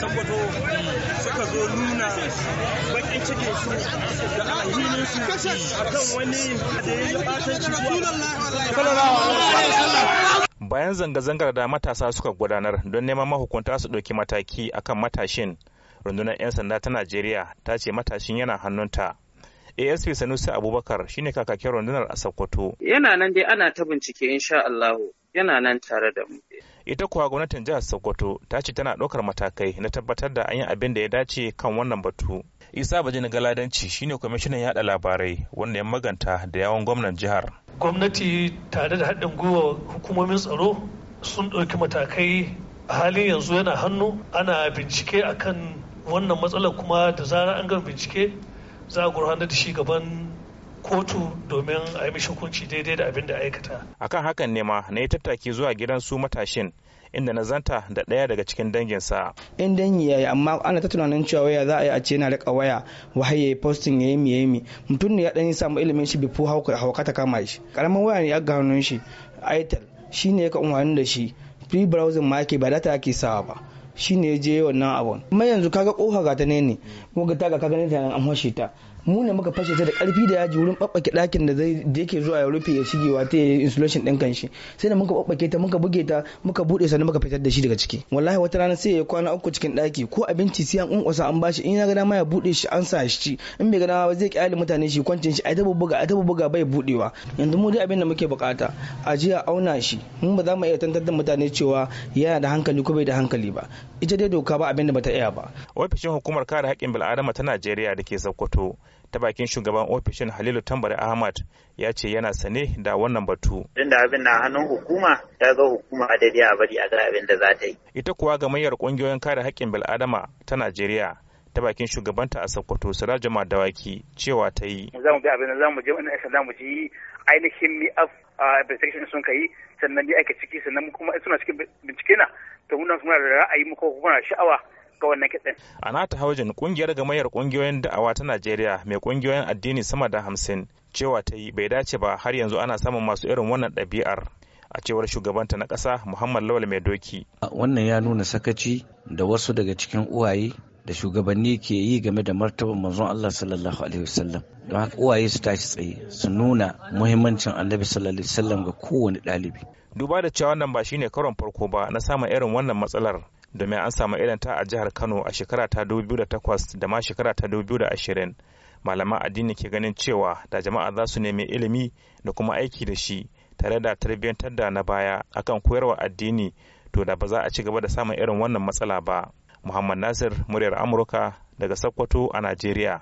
sokoto suka zo nuna bakin cikin su da alhinin su akan wani da ya yi batanci bayan zanga-zangar da matasa suka gudanar don neman mahukunta su ɗauki mataki akan matashin rundunar 'yan sanda ta najeriya ta ce matashin yana hannunta asp sanusi abubakar shine kakakin rundunar a sokoto yana nan dai ana ta bincike insha allahu yana nan tare da mu ita kuwa gwamnatin jihar sokoto ta ce tana ɗaukar matakai na tabbatar da an yi abin da ya dace kan wannan batu isa na galadanci shine kwamishinan yaɗa labarai wanda ya maganta da yawon gwamnan jihar gwamnati tare da haɗin gwiwa hukumomin tsaro sun ɗauki matakai a halin yanzu yana hannu ana bincike akan wannan matsalar kuma da zarar an gama bincike za a gurfanar da shi gaban kotu domin a yi mishi hukunci daidai da abin da aikata akan hakan ne ma na yi tattaki zuwa gidan su matashin inda na zanta da ɗaya daga cikin danginsa. In dangi ya yi amma ana ta tunanin cewa waya za a yi a ce na riƙa waya wahai ya yi postin ya yi mi mi mutum ne ya ɗan samu ilimin shi bifo hauka ta kama shi ƙaramin waya ne ya ga hannun shi aitel shi ne ya ka umarni da shi free browsing ma ke ba data ake sawa ba shi ne ya je wannan abun. Mai yanzu kaga kofa ga ta ne ne kuma ga ta ga kaga ne ta an hoshe ta mu ne muka fashe ta da karfi da yaji wurin babbake dakin da zai da yake zuwa ya rufe ya shigewa ta insulation din kanshi sai da muka babbake ta muka buge ta muka bude sannan muka fitar da shi daga ciki wallahi wata rana sai ya kwana uku cikin daki ko abinci sai an unkwasa an bashi in ya ga dama ya bude shi an sa shi in bai ga dama zai kyale mutane shi kwancin shi a ta buga a ta buga bai budewa yanzu mu dai abin da muke bukata a ji a auna shi mun ba za mu iya tantar da mutane cewa yana da hankali ko bai da hankali ba ita dai doka ba abin da bata iya ba ofishin hukumar kare haƙƙin bil'adama ta Najeriya da ke Sokoto ta bakin shugaban ofishin halilu tambari ahmad ya ce yana sane da wannan batu da abin na hannun hukuma ta ga hukuma daidai a bari a ga abin da za ta yi ita kuwa ga gamayyar kungiyoyin kare haƙƙin bil'adama ta najeriya ta bakin shugabanta a sokoto sirajama madawaki cewa ta yi za mu ga abin da za mu je wannan za mu ji ainihin mi af investigation sun kai sannan ni ake ciki sannan kuma suna cikin bincike na to suna da ra'ayi muka kuma sha'awa ga wannan A nata haujin kungiyar gamayyar kungiyoyin da'awa ta Najeriya mai kungiyoyin addini sama da hamsin cewa ta yi bai dace ba har yanzu ana samun masu irin wannan ɗabi'ar. a cewar shugabanta na ƙasa Muhammad Lawal Mai Doki. Wannan ya nuna sakaci da wasu daga cikin uwaye da shugabanni ke yi game da martabar manzon Allah sallallahu alaihi wasallam don haka uwaye su tashi tsaye su nuna muhimmancin annabi sallallahu alaihi wasallam ga kowane ɗalibi. Duba da cewa wannan ba shine karon farko ba na samun irin wannan matsalar domin an samu irin ta a jihar Kano a shekara ta 2008 da ma shekara ta 2020 malaman addini ke ganin cewa da jama'a za su nemi ilimi da kuma aiki da shi tare da tarbiyyantar da na baya akan koyarwa addini to da ba za a ci gaba da samun irin wannan matsala ba Muhammad Nasir muryar Amurka daga Sokoto a Najeriya